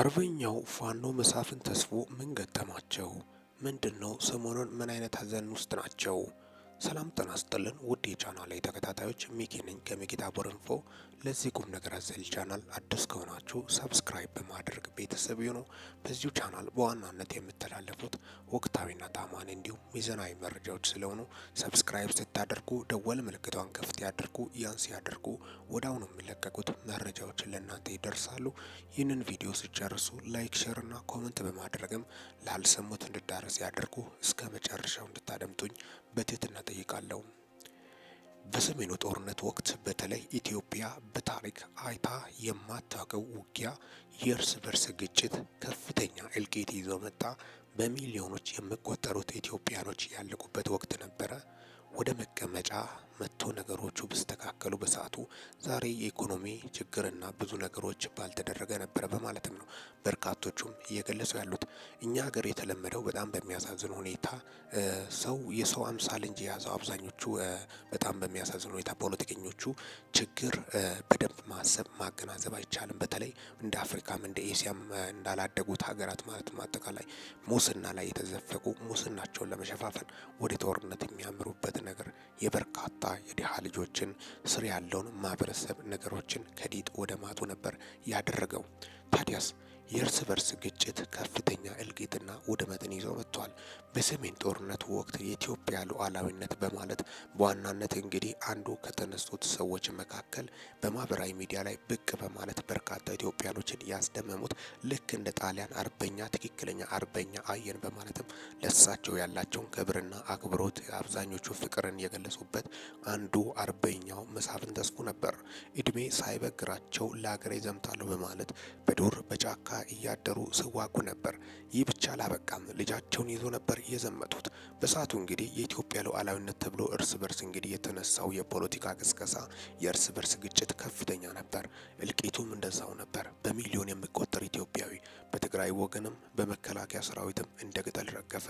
አርበኛው ፋኖ መሳፍን ተስፎ ምን ገጠማቸው? ምንድን ነው? ሰሞኑን ምን አይነት ሀዘን ውስጥ ናቸው? ሰላም ጤና ይስጥልን ውድ የቻናል ተከታታዮች ሚኪ ነኝ ከሚኪታ ቦረንፎ። ለዚህ ቁም ነገር አዘል ቻናል አዲስ ከሆናችሁ ሰብስክራይብ በማድረግ ቤተሰብ ይሁኑ። በዚሁ ቻናል በዋናነት የምተላለፉት ወቅታዊና ታማኒ እንዲሁም ሚዛናዊ መረጃዎች ስለሆኑ ሰብስክራይብ ስታደርጉ ደወል ምልክቷን ክፍት ያድርጉ። ያን ሲያደርጉ ወደ የሚለቀቁት መረጃዎች ለእናንተ ይደርሳሉ። ይህንን ቪዲዮ ሲጨርሱ ላይክ፣ ሼርና ኮመንት በማድረግም ላልሰሙት እንድዳረስ ያደርጉ። እስከ መጨረሻው እንድታደምጡኝ በትህትና እጠይቃለሁ። በሰሜኑ ጦርነት ወቅት በተለይ ኢትዮጵያ በታሪክ አይታ የማታውቀው ውጊያ፣ የእርስ በርስ ግጭት ከፍተኛ እልቂት ይዞ መጣ። በሚሊዮኖች የሚቆጠሩት ኢትዮጵያኖች ያለቁበት ወቅት ነበረ። ወደ መቀመጫ መጥቶ ነገሮቹ ብስተካከሉ በሰዓቱ ዛሬ የኢኮኖሚ ችግርና ብዙ ነገሮች ባልተደረገ ነበረ በማለትም ነው በርካቶቹም እየገለጹ ያሉት። እኛ ሀገር የተለመደው በጣም በሚያሳዝን ሁኔታ ሰው የሰው አምሳል እንጂ የያዘው አብዛኞቹ በጣም በሚያሳዝን ሁኔታ ፖለቲከኞቹ ችግር በደንብ ማሰብ ማገናዘብ አይቻልም። በተለይ እንደ አፍሪካም እንደ ኤሲያም እንዳላደጉት ሀገራት ማለትም አጠቃላይ ሙስና ላይ የተዘፈቁ ሙስናቸውን ለመሸፋፈን ወደ ጦርነት የሚያምሩበት ነገር የበርካታ የድሃ ልጆችን ስር ያለውን ማህበረሰብ ነገሮችን ከዲጥ ወደ ማጡ ነበር ያደረገው። ታዲያስ የእርስ በርስ ግጭት ከፍተኛ እልቂትና ውድመትን ይዞ መጥቷል። በሰሜን ጦርነቱ ወቅት የኢትዮጵያ ሉዓላዊነት በማለት በዋናነት እንግዲህ አንዱ ከተነሱት ሰዎች መካከል በማህበራዊ ሚዲያ ላይ ብቅ በማለት በርካታ ኢትዮጵያኖችን ያስደመሙት ልክ እንደ ጣሊያን አርበኛ ትክክለኛ አርበኛ አየን በማለትም ለሳቸው ያላቸውን ክብርና አክብሮት አብዛኞቹ ፍቅርን የገለጹበት አንዱ አርበኛው መሳፍን ተስፉ ነበር። እድሜ ሳይበግራቸው ለሀገሬ ዘምታለሁ በማለት በዱር በጫካ እያደሩ ሲዋጉ ነበር። ይህ ብቻ አላበቃም። ልጃቸውን ይዞ ነበር የዘመቱት። በሰዓቱ እንግዲህ የኢትዮጵያ ሉዓላዊነት ተብሎ እርስ በርስ እንግዲህ የተነሳው የፖለቲካ ቅስቀሳ፣ የእርስ በርስ ግጭት ከፍተኛ ነበር። እልቂቱም እንደዛው ነበር። በሚሊዮን የሚቆጠር ኢትዮጵያዊ በትግራይ ወገንም በመከላከያ ሰራዊትም እንደ ቅጠል ረገፈ።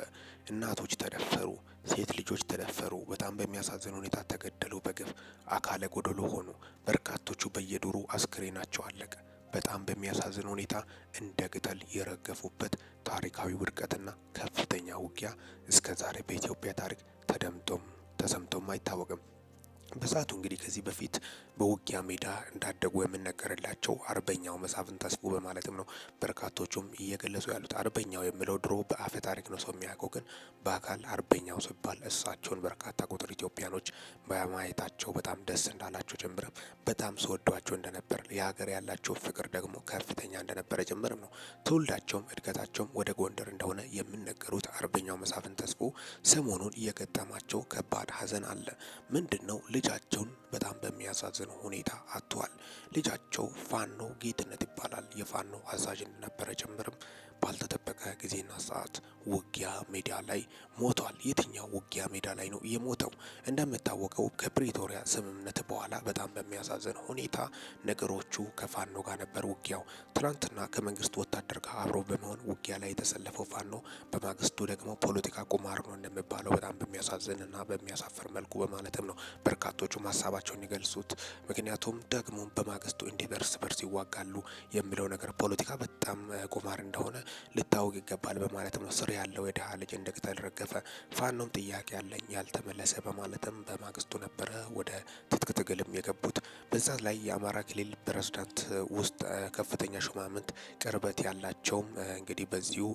እናቶች ተደፈሩ፣ ሴት ልጆች ተደፈሩ፣ በጣም በሚያሳዝን ሁኔታ ተገደሉ በግፍ አካለ ጎደሎ ሆኑ። በርካቶቹ በየዱሩ አስክሬናቸው አለቀ። በጣም በሚያሳዝን ሁኔታ እንደ ቅጠል የረገፉበት ታሪካዊ ውድቀትና ከፍተኛ ውጊያ እስከ ዛሬ በኢትዮጵያ ታሪክ ተደምጦም ተሰምቶም አይታወቅም። በሰዓቱ እንግዲህ ከዚህ በፊት በውጊያ ሜዳ እንዳደጉ የምነገርላቸው አርበኛው መሳፍን ተስፎ በማለትም ነው በርካቶቹም እየገለጹ ያሉት። አርበኛው የሚለው ድሮ በአፈ ታሪክ ነው ሰው የሚያውቀው፣ ግን በአካል አርበኛው ሲባል እሳቸውን በርካታ ቁጥር ኢትዮጵያኖች በማየታቸው በጣም ደስ እንዳላቸው ጭምርም በጣም ስወዷቸው እንደነበር የሀገር ያላቸው ፍቅር ደግሞ ከፍተኛ እንደነበረ ጭምርም ነው። ትውልዳቸውም እድገታቸውም ወደ ጎንደር እንደሆነ የሚነገሩት አርበኛው መሳፍን ተስፎ ሰሞኑን እየገጠማቸው ከባድ ሀዘን አለ። ምንድን ነው ልጃቸውን በጣም በሚያሳዝን ሁኔታ አጥተዋል። ልጃቸው ፋኖ ጌትነት ይባላል። የፋኖ አዛዥ እንደነበረ ጭምርም ባልተጠበቀ ጊዜና ሰዓት ውጊያ ሜዳ ላይ ሞቷል። የትኛው ውጊያ ሜዳ ላይ ነው የሞተው? እንደሚታወቀው ከፕሪቶሪያ ስምምነት በኋላ በጣም በሚያሳዝን ሁኔታ ነገሮቹ ከፋኖ ጋር ነበር ውጊያው። ትናንትና ከመንግስት ወታደር ጋር አብሮ በመሆን ውጊያ ላይ የተሰለፈው ፋኖ በማግስቱ ደግሞ ፖለቲካ ቁማር ነው እንደሚባለው በጣም በሚያሳዝን በሚያሳፍር መልኩ በማለትም ነው በርካቶቹ ሀሳባቸውን የገልጹት። ምክንያቱም ደግሞ በማግስቱ እንዴት በርስ ይዋጋሉ የሚለው ነገር ፖለቲካ በጣም ቁማር እንደሆነ ልታውቅ ይገባል በማለትም ነው ስር ያለው የድሃ ልጅ እንደተረገፈ ፋኖም ጥያቄ ያለኝ ያልተመለሰ በማለትም በማግስቱ ነበረ ወደ ትጥቅ ትግልም የገቡት። በዛ ላይ የአማራ ክልል ፕሬዝዳንት ውስጥ ከፍተኛ ሹማምንት ቅርበት ያላቸውም እንግዲህ በዚሁ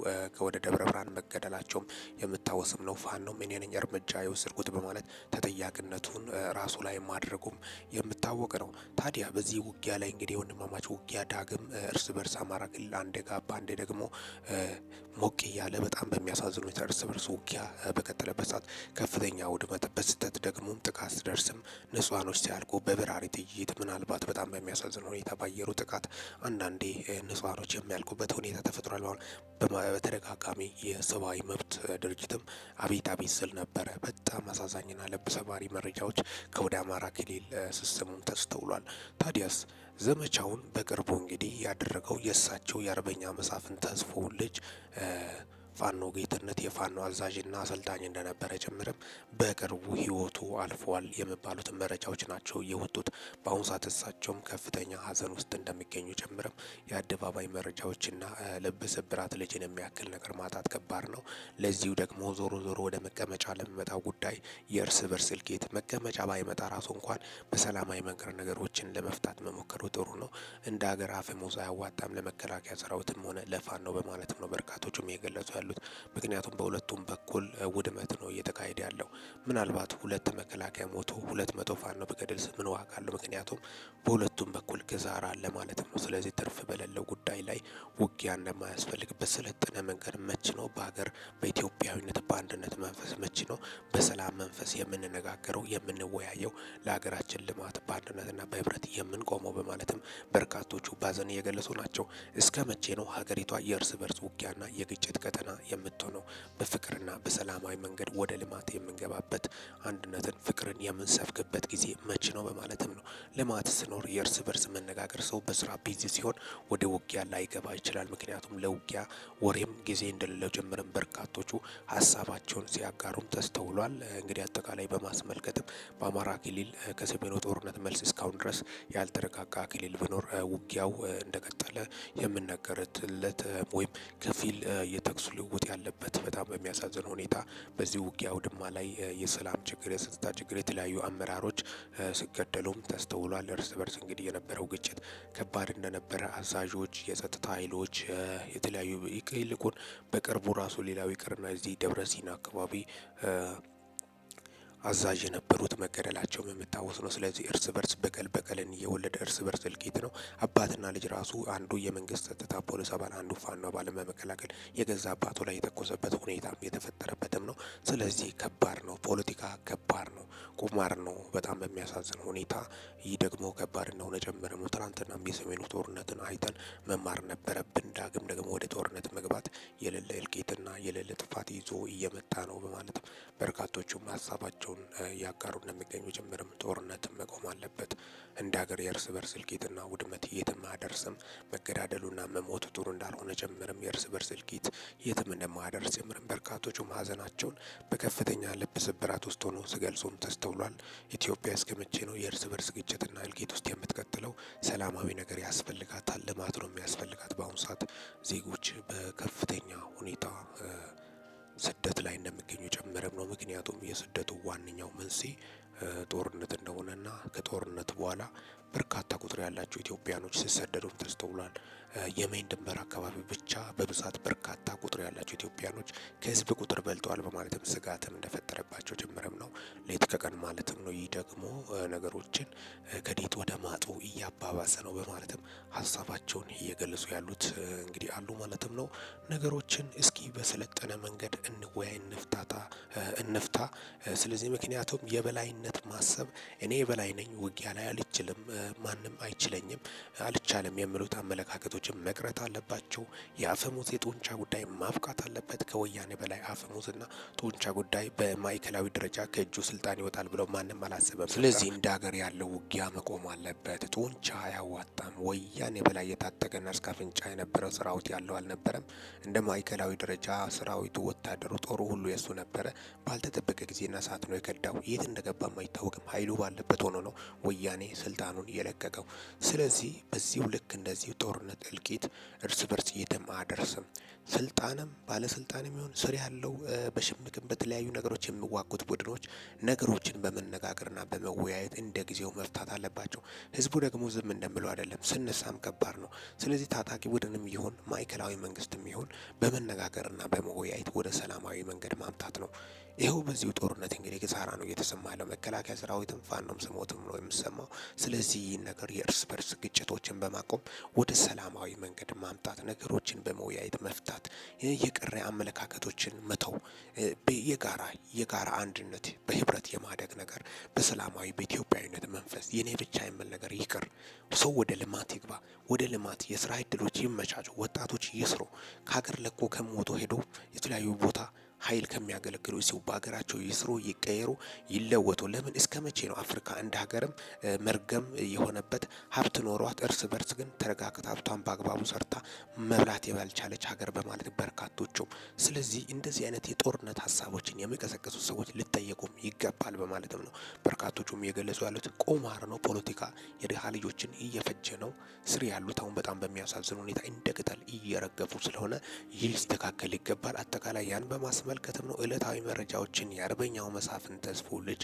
ወደ ደብረ ብርሃን መገደላቸውም የምታወስም ነው። ፋኖም እኔ ነኝ እርምጃ የወሰድኩት በማለት ተጠያቂነቱን ራሱ ላይ ማድረጉም የምታወቅ ነው። ታዲያ በዚህ ውጊያ ላይ እንግዲህ የወንድማማች ውጊያ ዳግም እርስ በርስ አማራ ክልል አንዴ ጋባ አንዴ ደግሞ ሞቅ እያለ በጣም በሚያሳዝን ሁኔታ እርስ በርስ ውጊያ በቀጠለበት ሰዓት ከፍተኛ ውድመት በስህተት ደግሞ ጥቃት ስደርስም ንጹሐኖች ሲያልቁ በበራሪ ጥይት ምናልባት በጣም በሚያሳዝን ሁኔታ ባየሩ ጥቃት አንዳንዴ ንጹሐኖች የሚያልቁበት ሁኔታ ተፈጥሯል። ሆን በተደጋጋሚ የሰብአዊ መብት ድርጅትም አቤት አቤት ስል ነበረ። በጣም አሳዛኝና ልብ ሰባሪ መረጃዎች ከወደ አማራ ክልል ስስሙም ተስተውሏል። ታዲያስ ዘመቻውን በቅርቡ እንግዲህ ያደረገው የእሳቸው የአርበኛ መሳፍንት ተስፎ ልጅ ፋኖ ጌትነት የፋኖ አዛዥና አሰልጣኝ እንደነበረ ጭምርም በቅርቡ ህይወቱ አልፏል የሚባሉት መረጃዎች ናቸው የወጡት። በአሁኑ ሰዓት እሳቸውም ከፍተኛ ሀዘን ውስጥ እንደሚገኙ ጭምርም የአደባባይ መረጃዎችና ልብ ስብራት ልጅን የሚያክል ነገር ማጣት ከባድ ነው። ለዚሁ ደግሞ ዞሮ ዞሮ ወደ መቀመጫ ለሚመጣው ጉዳይ የእርስ በርስ እልቂት መቀመጫ ባይመጣ ራሱ እንኳን በሰላማዊ መንገድ ነገሮችን ለመፍታት መሞከሩ ጥሩ ነው። እንደ ሀገር አፈሙዝ አያዋጣም። ለመከላከያ ሰራዊትም ሆነ ለፋኖ በማለትም ነው በርካቶቹም የገለጹ ያሉት። ምክንያቱም በሁለቱም በኩል ውድመት ነው እየተካሄደ ያለው። ምናልባት ሁለት መከላከያ ሞቶ ሁለት መቶ ፋኖ በገደል ምን ዋጋ አለው? ምክንያቱም በሁለቱም በኩል ግዛራ አለ ማለት ነው። ስለዚህ ትርፍ በሌለው ጉዳይ ላይ ውጊያ እንደማያስፈልግ በሰለጠነ መንገድ መች ነው በሀገር በኢትዮጵያዊነት በአንድነት መንፈስ መች ነው በሰላም መንፈስ የምንነጋገረው የምንወያየው ለሀገራችን ልማት በአንድነትና በህብረት የምንቆመው በማለትም በርካቶቹ ባዘን እየገለጹ ናቸው። እስከ መቼ ነው ሀገሪቷ የእርስ በርስ ውጊያና የግጭት ቀጠና ቀጠና የምትሆነው በፍቅርና በሰላማዊ መንገድ ወደ ልማት የምንገባበት አንድነትን፣ ፍቅርን የምንሰፍግበት ጊዜ መቼ ነው በማለትም ነው። ልማት ስኖር የእርስ በርስ መነጋገር፣ ሰው በስራ ቢዚ ሲሆን ወደ ውጊያ ላይገባ ይችላል። ምክንያቱም ለውጊያ ወሬም ጊዜ እንደሌለው ጀምረን በርካቶቹ ሀሳባቸውን ሲያጋሩም ተስተውሏል። እንግዲህ አጠቃላይ በማስመልከትም በአማራ ክልል ከሰሜኑ ጦርነት መልስ እስካሁን ድረስ ያልተረጋጋ ክልል ቢኖር ውጊያው እንደቀጠለ የምነገርለት ወይም ከፊል የተኩስ ልውውጥ ያለበት በጣም በሚያሳዝን ሁኔታ በዚህ ውጊያ ውድማ ላይ የሰላም ችግር፣ የጸጥታ ችግር፣ የተለያዩ አመራሮች ሲገደሉም ተስተውሏል። እርስ በርስ እንግዲህ የነበረው ግጭት ከባድ እንደነበረ አዛዦች፣ የጸጥታ ኃይሎች የተለያዩ ይልቁን በቅርቡ ራሱ ሌላዊ ቅርና እዚህ ደብረ ሲና አካባቢ አዛዥ የነበሩት መገደላቸውም የሚታወስ ነው። ስለዚህ እርስ በርስ በቀል በቀልን የወለደ እርስ በርስ እልቂት ነው። አባትና ልጅ ራሱ አንዱ የመንግስት ጸጥታ ፖሊስ አባል አንዱ ፋኖ አባል በመከላከል የገዛ አባቱ ላይ የተኮሰበት ሁኔታም የተፈጠረበትም ነው። ስለዚህ ከባድ ነው። ፖለቲካ ከባድ ነው፣ ቁማር ነው። በጣም በሚያሳዝን ሁኔታ ይህ ደግሞ ከባድ እንደሆነ ጨመረ ነው። ትናንትና የሰሜኑ ጦርነትን አይተን መማር ነበረብን። ዳግም ደግሞ ወደ ጦርነት መግባት የሌለ እልቂትና የሌለ ጥፋት ይዞ እየመጣ ነው በማለትም በርካቶቹም ሀሳባቸው ሀሳባቸውን እያጋሩ እንደሚገኙ ጭምርም ጦርነት መቆም አለበት፣ እንደ ሀገር የእርስ በርስ እልቂትና ውድመት የትም አያደርስም፣ መገዳደሉና መሞት ጥሩ እንዳልሆነ ጭምርም የእርስ በርስ እልቂት የትም እንደማያደርስ ጭምርም በርካቶቹ ማዘናቸውን በከፍተኛ ልብ ስብራት ውስጥ ሆኖ ሲገልጹም ተስተውሏል። ኢትዮጵያ እስከ መቼ ነው የእርስ በርስ ግጭትና እልቂት ውስጥ የምትቀጥለው? ሰላማዊ ነገር ያስፈልጋታል፣ ልማት ነው የሚያስፈልጋት። በአሁኑ ሰዓት ዜጎች በከፍተኛ ሁኔታ ስደት ላይ እንደሚገኙ ጨምረም ነው። ምክንያቱም የስደቱ ዋነኛው መንስኤ ጦርነት እንደሆነና ከጦርነት በኋላ በርካታ ቁጥር ያላቸው ኢትዮጵያኖች ሲሰደዱም ተስተውሏል። የመን ድንበር አካባቢ ብቻ በብዛት በርካታ ቁጥር ያላቸው ኢትዮጵያኖች ከህዝብ ቁጥር በልጠዋል በማለትም ስጋትም እንደፈጠረባቸው ጭምርም ነው። ሌት ከቀን ማለትም ነው። ይህ ደግሞ ነገሮችን ከዴት ወደ ማጡ እያባባሰ ነው በማለትም ሀሳባቸውን እየገለጹ ያሉት እንግዲህ አሉ ማለትም ነው። ነገሮችን እስኪ በሰለጠነ መንገድ እንወያይ፣ እንፍታታ እንፍታ። ስለዚህ ምክንያቱም የበላይነት ማሰብ እኔ የበላይ ነኝ፣ ውጊያ ላይ አልችልም፣ ማንም አይችለኝም፣ አልቻለም የሚሉት አመለካከቶችን መቅረት አለባቸው። የአፈሙዝ የጡንቻ ጉዳይ ማብቃት አለበት። ከወያኔ በላይ አፈሙዝና ጡንቻ ጉዳይ በማዕከላዊ ደረጃ ከእጁ ስልጣን ይወጣል ብለው ማንም አላሰበም። ስለዚህ እንደ ሀገር ያለው ውጊያ መቆም አለበት። ብቻ አያዋጣም። ወያኔ በላይ የታጠቀና እስከ አፍንጫ የነበረው ሰራዊት ያለው አልነበረም። እንደ ማዕከላዊ ደረጃ ሰራዊቱ፣ ወታደሩ፣ ጦሩ ሁሉ የሱ ነበረ። ባልተጠበቀ ጊዜና ሰዓት ነው የከዳው። የት እንደገባም አይታወቅም። ኃይሉ ባለበት ሆኖ ነው ወያኔ ስልጣኑን የለቀቀው። ስለዚህ በዚሁ ልክ እንደዚህ ጦርነት እልቂት እርስ በርስ የትም አያደርስም። ስልጣንም ባለስልጣን የሚሆን ስር ያለው በሽምቅም በተለያዩ ነገሮች የሚዋጉት ቡድኖች ነገሮችን በመነጋገርና በመወያየት እንደ ጊዜው መፍታት አለባቸው። ህዝቡ ደግሞ ዝም እንደምለው አይደለም፣ ስንሳም ከባድ ነው። ስለዚህ ታጣቂ ቡድንም ይሁን ማዕከላዊ መንግስትም ይሁን በመነጋገርና በመወያየት ወደ ሰላማዊ መንገድ ማምጣት ነው ይኸው በዚሁ ጦርነት እንግዲህ ኪሳራ ነው እየተሰማ ያለው። መከላከያ ሰራዊትም ፋኖም ስሞትም ነው የምሰማው። ስለዚህ ይህን ነገር የእርስ በርስ ግጭቶችን በማቆም ወደ ሰላማዊ መንገድ ማምጣት፣ ነገሮችን በመወያየት መፍታት፣ የቅሬ አመለካከቶችን መተው፣ የጋራ የጋራ አንድነት በህብረት የማደግ ነገር በሰላማዊ በኢትዮጵያዊነት መንፈስ የኔ ብቻ የምል ነገር ይቅር። ሰው ወደ ልማት ይግባ፣ ወደ ልማት የስራ እድሎች ይመቻቸው፣ ወጣቶች ይስሩ። ከሀገር ለቆ ከሞቶ ሄዶ የተለያዩ ቦታ ኃይል ከሚያገለግሉ ሲው በሀገራቸው ይስሩ፣ ይቀየሩ፣ ይለወጡ። ለምን እስከ መቼ ነው አፍሪካ እንደ ሀገርም መርገም የሆነበት? ሀብት ኖሯት እርስ በርስ ግን ተረጋግታ ሀብቷን በአግባቡ ሰርታ መብላት የባልቻለች ሀገር በማለት በርካቶቹም፣ ስለዚህ እንደዚህ አይነት የጦርነት ሀሳቦችን የሚቀሰቀሱ ሰዎች ሊጠየቁም ይገባል በማለትም ነው በርካቶቹም እየገለጹ ያሉት። ቁማር ነው ፖለቲካ፣ የድሃ ልጆችን እየፈጀ ነው። ስር ያሉት አሁን በጣም በሚያሳዝን ሁኔታ እንደ ቅጠል እየረገፉ ስለሆነ ይህ ሊስተካከል ይገባል። አጠቃላይ ያን በማስ እየተመለከትም ነው። እለታዊ መረጃዎችን የአርበኛው መሳፍንት ተስፉ ልጅ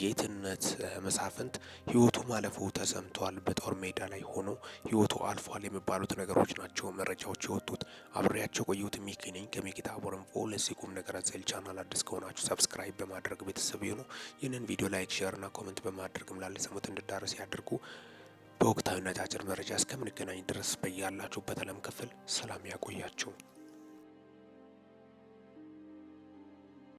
ጌትነት መሳፍንት ህይወቱ ማለፉ ተሰምቷል። በጦር ሜዳ ላይ ሆኖ ህይወቱ አልፏል የሚባሉት ነገሮች ናቸው መረጃዎች የወጡት። አብሬያቸው ቆየሁት። የሚገኘኝ ከሚጌታ ቦረንፎ። ለዚህ ቁም ነገር አዘል ቻናል አዲስ ከሆናችሁ ሰብስክራይብ በማድረግ ቤተሰብ ይሁኑ። ይህንን ቪዲዮ ላይክ፣ ሼር ኮመንት በማድረግም ላለሰሙት እንድዳረስ ያድርጉ። በወቅታዊና አጫጭር መረጃ እስከምንገናኝ ድረስ በያላችሁበት ዓለም ክፍል ሰላም ያቆያችሁ።